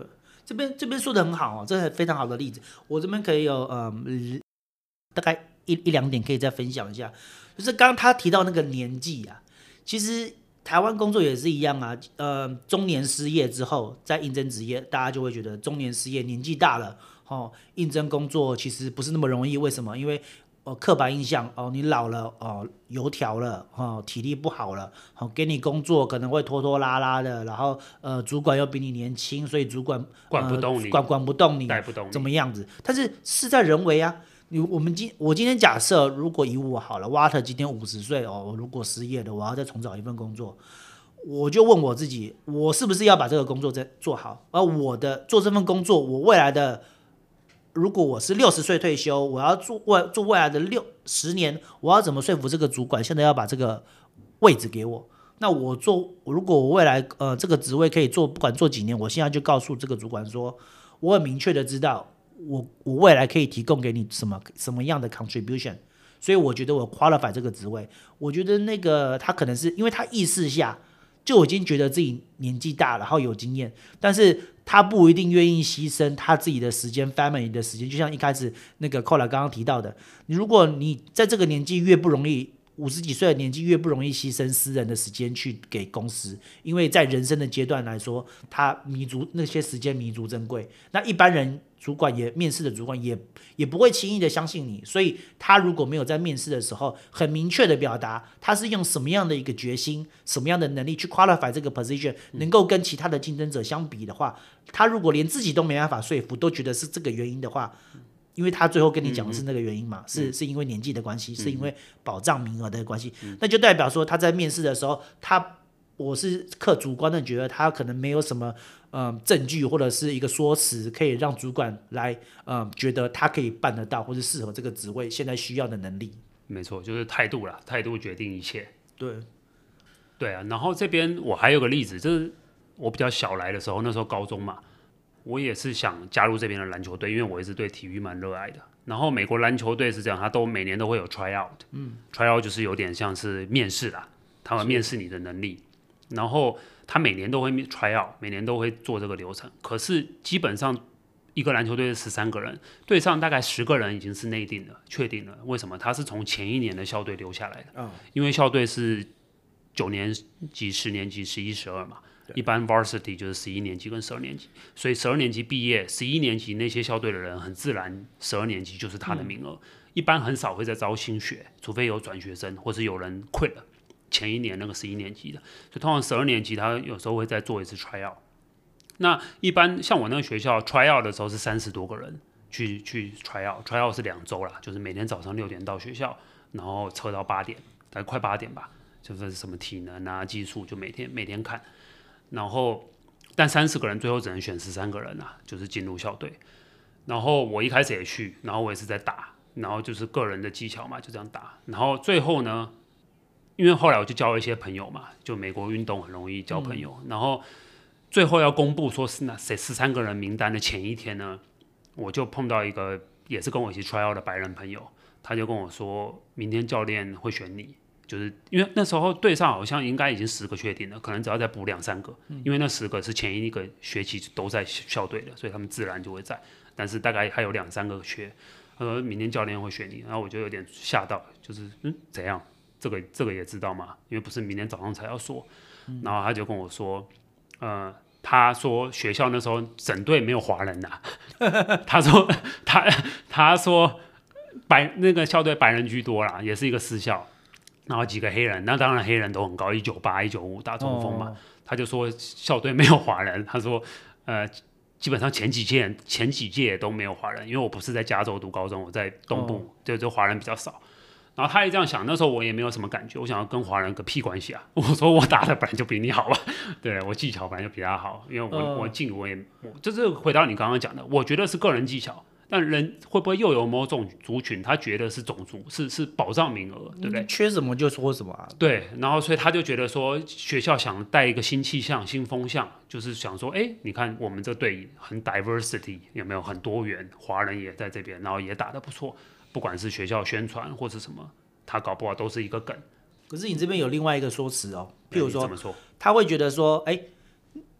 這邊這邊說的很好哦，這是非常好的例子。我這邊可以有，嗯，大概一一兩點可以再分享一下，就是剛剛他提到那個年紀啊，其實台灣工作也是一樣啊，呃，中年失業之後再應徵職業，大家就會覺得中年失業年紀大了，哦，應徵工作其實不是那麼容易。為什麼？因為哦，刻板印象哦，你老了哦，油條了哦，體力不好了，好、哦、給你工作可能會拖拖拉拉的，然後呃，主管又比你年輕，所以主管管不動你，呃、管管不動，不動你，怎麼樣子？但是事在人為啊，你我們今我今天假設，如果以我好了，Water 今天五十歲哦，我如果失業了，我要再重找一份工作，我就問我自己，我是不是要把這個工作再做好？而、啊、我的做這份工作，我未來的。如果我是六十歲退休，我要做未做未來的六十年，我要怎麼說服這個主管現在要把這個位置給我？那我做，如果我未來呃這個職位可以做，不管做幾年，我現在就告訴這個主管說，我很明確的知道我，我我未來可以提供給你什麼什麼樣的 contribution，所以我覺得我 qualify 這個職位，我覺得那個他可能是因為他意識下，就我已經覺得自己年紀大，然後有經驗，但是。他不一定願意犧牲他自己的時間、family 的時間，就像一開始那個 Cola 剛剛提到的，如果你在這個年紀越不容易。五十幾歲的年紀越不容易犧牲私人的時間去給公司，因為在人生的階段來說，他彌足那些時間彌足珍貴。那一般人主管也面試的主管也也不會輕易的相信你，所以他如果沒有在面試的時候很明確的表達他是用什麼樣的一個決心、什麼樣的能力去 qualify 這個 position，能夠跟其他的競爭者相比的話，他如果連自己都沒辦法說服，都覺得是這個原因的話。因為他最後跟你講的是那個原因嘛，嗯嗯是是因為年紀的關係嗯嗯，是因為保障名額的關係、嗯，那就代表說他在面試的時候，嗯、他我是客主觀的覺得他可能沒有什麼嗯、呃、證據或者是一個說辭，可以讓主管來嗯、呃、覺得他可以辦得到或者適合這個職位現在需要的能力。沒錯，就是態度啦，態度決定一切。對，對啊。然後這邊我還有個例子，就是我比較小來的時候，那時候高中嘛。我也是想加入這邊的籃球隊，因為我也是對體育蠻熱愛的。然後美國籃球隊是這樣，他都每年都會有 try out，嗯，try out 就是有點像是面試啦，他們面試你的能力。然後他每年都會 try out，每年都會做這個流程。可是基本上一個籃球隊是十三個人，隊上大概十個人已經是內定了、確定了。為什麼？他是從前一年的校隊留下來的，嗯，因為校隊是九年級、十年級、十一、十二嘛。一般 Varsity 就是十一年級跟十二年級，所以十二年級畢業，十一年級那些校隊的人很自然，十二年級就是他的名額。嗯、一般很少會再招新學，除非有轉學生或者有人 quit 了前一年那個十一年級的。所以通常十二年級他有時候會再做一次 Tryout。那一般像我那個學校 Tryout 的時候是三十多個人去去 Tryout，Tryout try out 是兩周啦，就是每天早上六點到學校，然後測到八點，大概快八點吧，就是什麼體能啊、技術，就每天每天看。然後，但三十個人最後只能選十三個人啊，就是進入校隊。然後我一開始也去，然後我也是在打，然後就是個人的技巧嘛，就這樣打。然後最後呢，因為後來我就交了一些朋友嘛，就美國運動很容易交朋友。嗯、然後最後要公布說是那誰十三個人名單的前一天呢，我就碰到一個也是跟我一起 try out 的白人朋友，他就跟我說，明天教練會選你。就是因為那時候隊上好像應該已經十個確定了，可能只要再補兩三個。嗯，因為那十個是前一個學期都在校隊的，所以他們自然就會在。但是大概還有兩三個缺，他說明天教練會選你，然後我就有點嚇到，就是嗯，怎樣？這個這個也知道嘛，因為不是明天早上才要說。嗯。然後他就跟我說，呃，他說學校那時候整隊沒有華人吶，啊， 他說他他說白那個校隊白人居多啦，也是一個私校。然後幾個黑人，那當然黑人都很高，一九八一九五大中鋒嘛、哦。他就說校隊沒有華人，他說呃，基本上前幾屆前幾屆也都沒有華人，因為我不是在加州讀高中，我在東部，哦、就就華人比較少。然後他也這樣想，那時候我也沒有什麼感覺，我想要跟華人個屁關係啊！我說我打的本來就比你好吧、啊，對我技巧本來就比他好，因為我、哦、我進我也我，就是回到你剛剛講的，我覺得是個人技巧。但人會不會又有某種族群？他覺得是種族，是是保障名額，對不對？缺什麼就說什麼啊。對，然後所以他就覺得說，學校想帶一個新氣象、新風向，就是想說，哎，你看我們這隊很 diversity，有沒有很多元？華人也在這邊，然後也打得不錯。不管是學校宣傳或是什麼，他搞不好都是一個梗。可是你這邊有另外一個說辭哦，譬如說，怎麼說，他會覺得說，哎。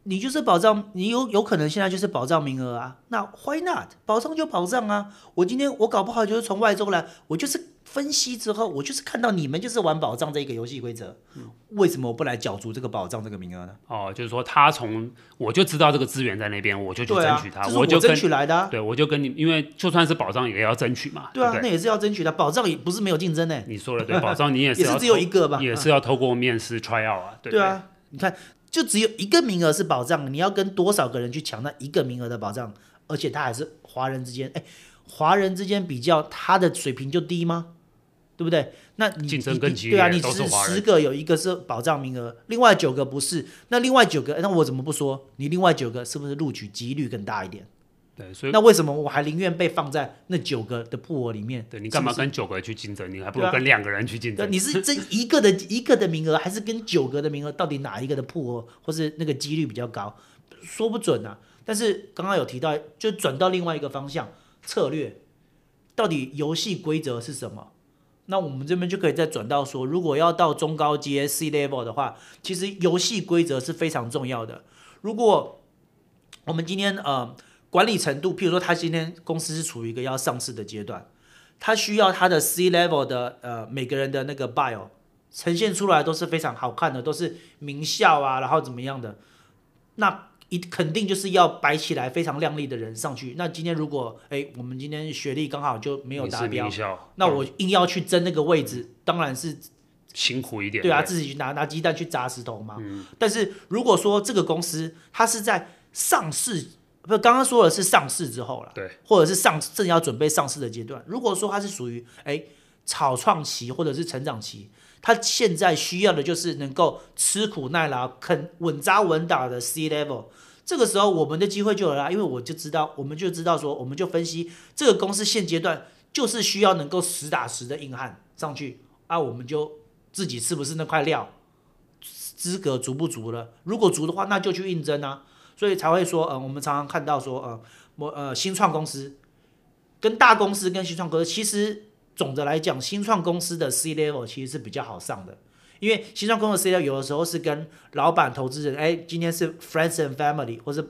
你就是保障，你有有可能現在就是保障名額啊。那 Why not？保障就保障啊。我今天我搞不好就是從外州來，我就是分析之後，我就是看到你們就是玩保障這個遊戲規則，嗯、為什麼我不來角逐這個保障這個名額呢？哦，就是說他從我就知道這個資源在那邊，我就去爭取他，啊，就是、我就爭取來的、啊。對，我就跟你，因為就算是保障也要爭取嘛。對啊，對對，那也是要爭取的，保障也不是沒有競爭呢。你說的對，保障你也是只有一個吧？也是要透, 是要透過面試 try out 啊。對，對，對啊，你看。就只有一個名額是保障，你要跟多少個人去搶那一個名額的保障？而且他還是華人之間，哎，華人之間比較他的水平就低嗎？對不對？那你競爭更激烈。你對啊，是你十十個有一個是保障名額，另外九個不是，那另外九個，那我怎麼不說？你另外九個是不是錄取幾率更大一點？對，所以那為什麼我還寧願被放在那九個的 pool 裡面？對你幹嘛跟九個去競爭是是？你還不如跟兩個人去競爭，啊。你是爭一個的 一個的名額，還是跟九個的名額？到底哪一個的 pool，或是那個幾率比較高？說不準啊。但是剛剛有提到，就轉到另外一個方向策略，到底遊戲規則是什麼？那我們這邊就可以再轉到說，如果要到中高階 C level 的話，其實遊戲規則是非常重要的。如果我們今天呃。管理程度，譬如說，他今天公司是處於一個要上市的階段，他需要他的 C level 的呃，每個人的那個 bio 呈現出來都是非常好看的，都是名校啊，然後怎麼樣的，那一肯定就是要擺起來非常靚麗的人上去。那今天如果哎、欸，我們今天學歷剛好就沒有達標，那我硬要去爭那個位置，嗯、當然是辛苦一點，對啊，自己去拿拿雞蛋去砸石頭嘛、嗯。但是如果說這個公司它是在上市。不是剛剛說的是上市之後了，對，或者是上正要準備上市的階段。如果說它是屬於哎草創期或者是成長期，它現在需要的就是能夠吃苦耐勞、肯穩紮穩打的 C-level。這個時候我們的機會就有了，因為我就知道，我們就知道說，我們就分析這個公司現階段就是需要能夠實打實的硬漢上去啊。我們就自己是不是那塊料，資格足不足了？如果足的話，那就去應徵啊。所以才會說，嗯，我們常常看到說，呃、嗯，某、嗯、呃新創公司跟大公司跟新創公司，其實總的來講，新創公司的 C level 其實是比較好上的，因為新創公司的 C level 有的時候是跟老闆、投資人，哎，今天是 friends and family，或是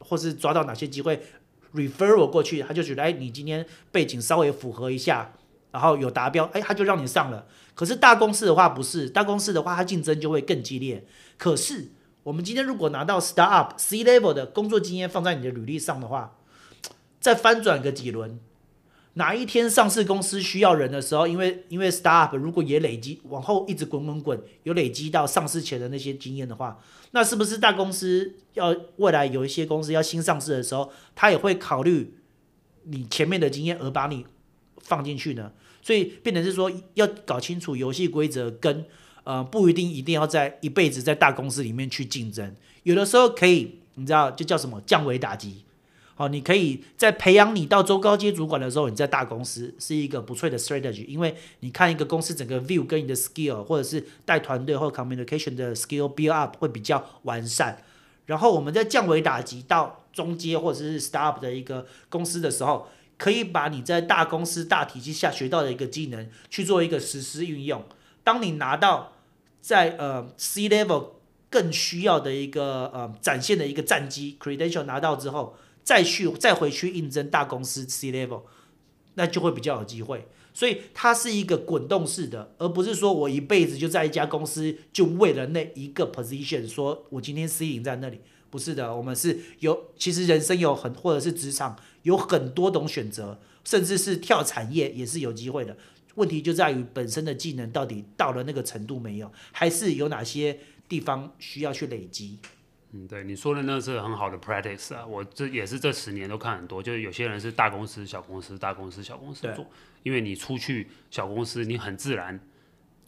或是抓到哪些機會，refer 我過去，他就覺得，哎，你今天背景稍微符合一下，然後有達標，哎，他就讓你上了。可是大公司的話不是，大公司的話，它競爭就會更激烈。可是。我們今天如果拿到 startup C level 的工作經驗放在你的履歷上的話，再翻轉個幾輪，哪一天上市公司需要人的時候，因為因為 startup 如果也累積往後一直滾滾滾，有累積到上市前的那些經驗的話，那是不是大公司要未來有一些公司要新上市的時候，他也會考慮你前面的經驗而把你放進去呢？所以，變成是說要搞清楚遊戲規則跟。呃，不一定一定要在一輩子在大公司裡面去競爭，有的時候可以，你知道就叫什麼降維打擊。好、哦，你可以在培養你到中高階主管的時候，你在大公司是一個不錯的 strategy，因為你看一個公司整個 view 跟你的 skill，或者是帶團隊或 communication 的 skill build up 會比較完善。然後我們在降維打擊到中階或者是 startup 的一個公司的時候，可以把你在大公司大體系下學到的一個技能去做一個實施運用。當你拿到在呃 C level 更需要的一個呃展現的一個戰績 credential 拿到之後，再去再回去應徵大公司 C level，那就會比較有機會。所以它是一個滾動式的，而不是說我一輩子就在一家公司，就為了那一個 position，說我今天 C 領在那裡，不是的。我們是有其實人生有很或者是職場有很多種選擇，甚至是跳產業也是有機會的。問題就在於本身的技能到底到了那個程度沒有，還是有哪些地方需要去累積？嗯，對，你說的那是很好的 practice 啊。我這也是這十年都看很多，就是有些人是大公司、小公司、大公司、小公司做。對。因為你出去小公司，你很自然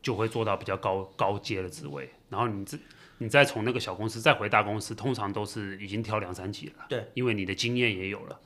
就會做到比較高高階的職位，然後你自你再從那個小公司再回大公司，通常都是已經跳兩三級了。對。因為你的經驗也有了。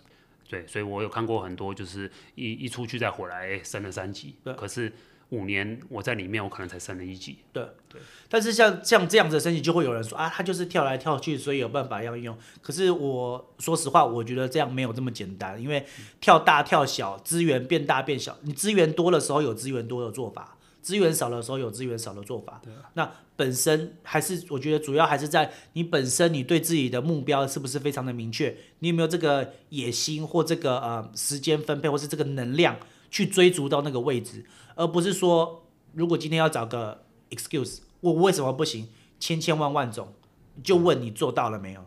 對，所以我有看過很多，就是一一出去再回來升了三級，對，可是五年我在裡面我可能才升了一級。對對，但是像像這樣子的升級，就會有人說啊，他就是跳來跳去，所以有辦法要用。可是我說實話，我覺得這樣沒有這麼簡單，因為跳大跳小，資源變大變小，你資源多的時候有資源多的做法。資源少的時候有資源少的做法，對，那本身還是我覺得主要還是在你本身，你對自己的目標是不是非常的明確，你有沒有這個野心或這個呃時間分配或是這個能量去追逐到那個位置，而不是說，如果今天要找個 excuse，我為什麼不行，千千萬萬種，就問你做到了沒有。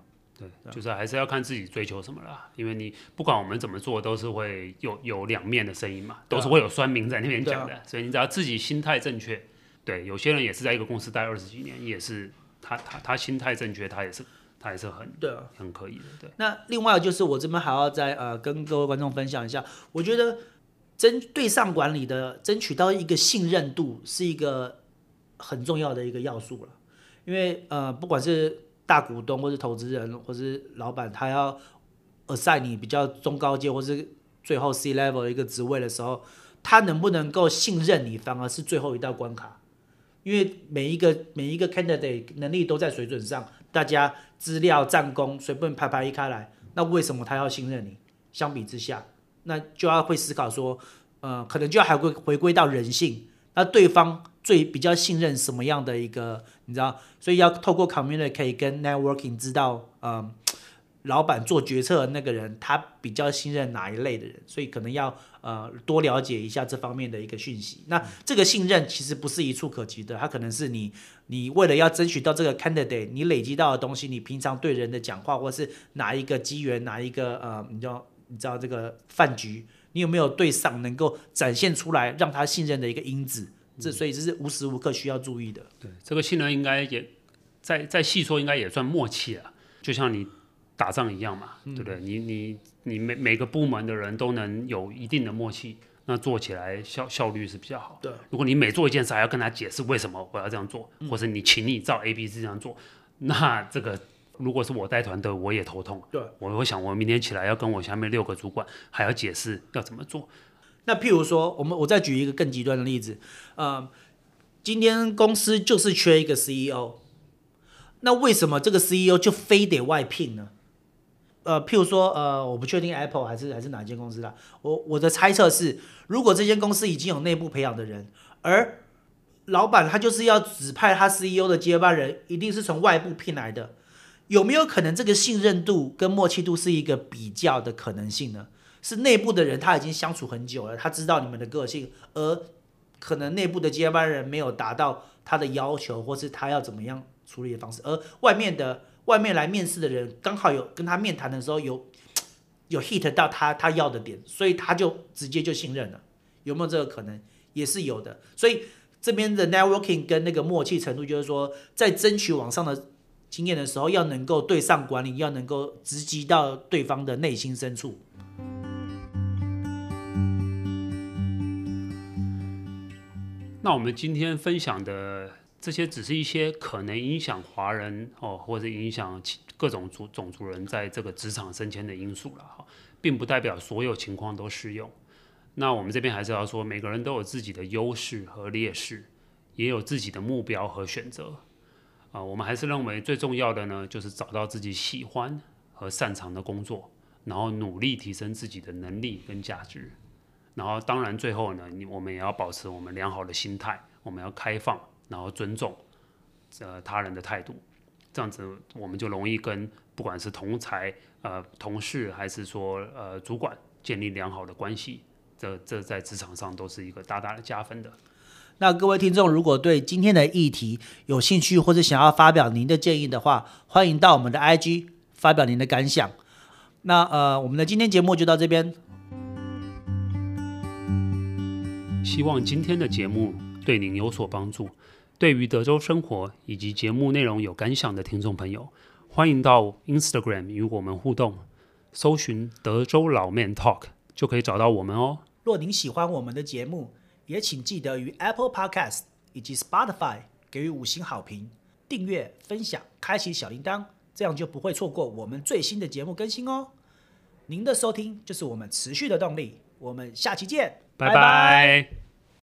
對就是還是要看自己追求什麼了，啊、因為你不管我們怎麼做，都是會有有兩面的聲音嘛，啊、都是會有酸民在那邊講的，啊、所以你只要自己心態正確，對，有些人也是在一個公司待二十幾年，也是他他他，他心態正確，他也是他也是很對、啊、很可以的。對，那另外就是我這邊還要再呃跟各位觀眾分享一下，我覺得針對上管理的爭取到一個信任度是一個很重要的一個要素了，因為呃不管是。大股東或是投資人或是老闆，他要呃 assign 你比較中高階或是最後 C level 一個職位的時候，他能不能夠信任你，反而是最後一道關卡。因為每一個每一個 candidate 能力都在水準上，大家資料戰功隨便拍拍一開來，那為什麼他要信任你？相比之下，那就要會思考說，呃，可能就要還會回回歸到人性，那對方。最比較信任什麼樣的一個你知道，所以要透過 communicate 跟 networking 知道，呃，老板做決策的那個人，他比較信任哪一類的人，所以可能要呃多了解一下這方面的一個訊息。那這個信任其實不是一蹴可及的，他可能是你你為了要爭取到這個 candidate，你累積到的東西，你平常對人的講話，或是哪一個機緣，哪一個呃，你知道，你知道這個飯局，你有沒有對上能夠展現出來讓他信任的一個因子？這、嗯、所以這是無時無刻需要注意的。對，這個信任應該也在，在在細說應該也算默契了，啊。就像你打仗一樣嘛，嗯、對不對，對？你你你每每個部門的人都能有一定的默契，那做起來效效率是比較好。對，如果你每做一件事還要跟他解釋為什麼我要這樣做，嗯、或者你請你照 A B C 這樣做，那這個如果是我帶團隊，我也頭痛。對，我我想我明天起來要跟我下面六個主管還要解釋要怎麼做。那譬如說，我們我再舉一個更極端的例子，嗯，呃，今天公司就是缺一個 CEO，那為什麼這個 CEO 就非得外聘呢？呃，譬如說，呃，我不確定 Apple 還是還是哪間公司啦，我我的猜測是，如果這間公司已經有內部培養的人，而老闆他就是要指派他 CEO 的接班人，一定是從外部聘來的，有沒有可能這個信任度跟默契度是一個比較的可能性呢？是內部的人，他已經相處很久了，他知道你們的個性，而可能內部的接班人沒有達到他的要求，或是他要怎麼樣處理的方式，而外面的外面來面試的人，剛好有跟他面談的時候有有 hit 到他他要的點，所以他就直接就信任了，有沒有這個可能？也是有的。所以這邊的 networking 跟那個默契程度，就是說在爭取往上的經驗的時候，要能夠對上管理，要能夠直擊到對方的內心深處。那我們今天分享的這些只是一些可能影響華人哦，或者影響其各種族種族人在這個職場升遷的因素了哈、哦，並不代表所有情況都適用。那我們這邊還是要說，每個人都有自己的優勢和劣勢，也有自己的目標和選擇啊、呃。我們還是認為最重要的呢，就是找到自己喜歡和擅長的工作，然後努力提升自己的能力跟價值。然後，當然，最後呢，我們也要保持我們良好的心態，我們要開放，然後尊重，呃，他人的態度，這樣子我們就容易跟不管是同儕、呃同事，還是說呃主管，建立良好的關係，這這在職場上都是一個大大的加分的。那各位聽眾，如果對今天的議題有興趣，或者想要發表您的建議的話，歡迎到我們的 IG 發表您的感想。那呃，我們的今天節目就到這邊。希望今天的節目對您有所幫助。對於德州生活以及節目內容有感想的聽眾朋友，歡迎到 Instagram 與我們互動，搜尋德州老 Man Talk 就可以找到我們哦。若您喜歡我們的節目，也請記得於 Apple Podcast 以及 Spotify 給予五星好評、訂閱、分享、開啟小鈴鐺，這樣就不會錯過我們最新的節目更新哦。您的收聽就是我們持續的動力。我們下期見。拜拜。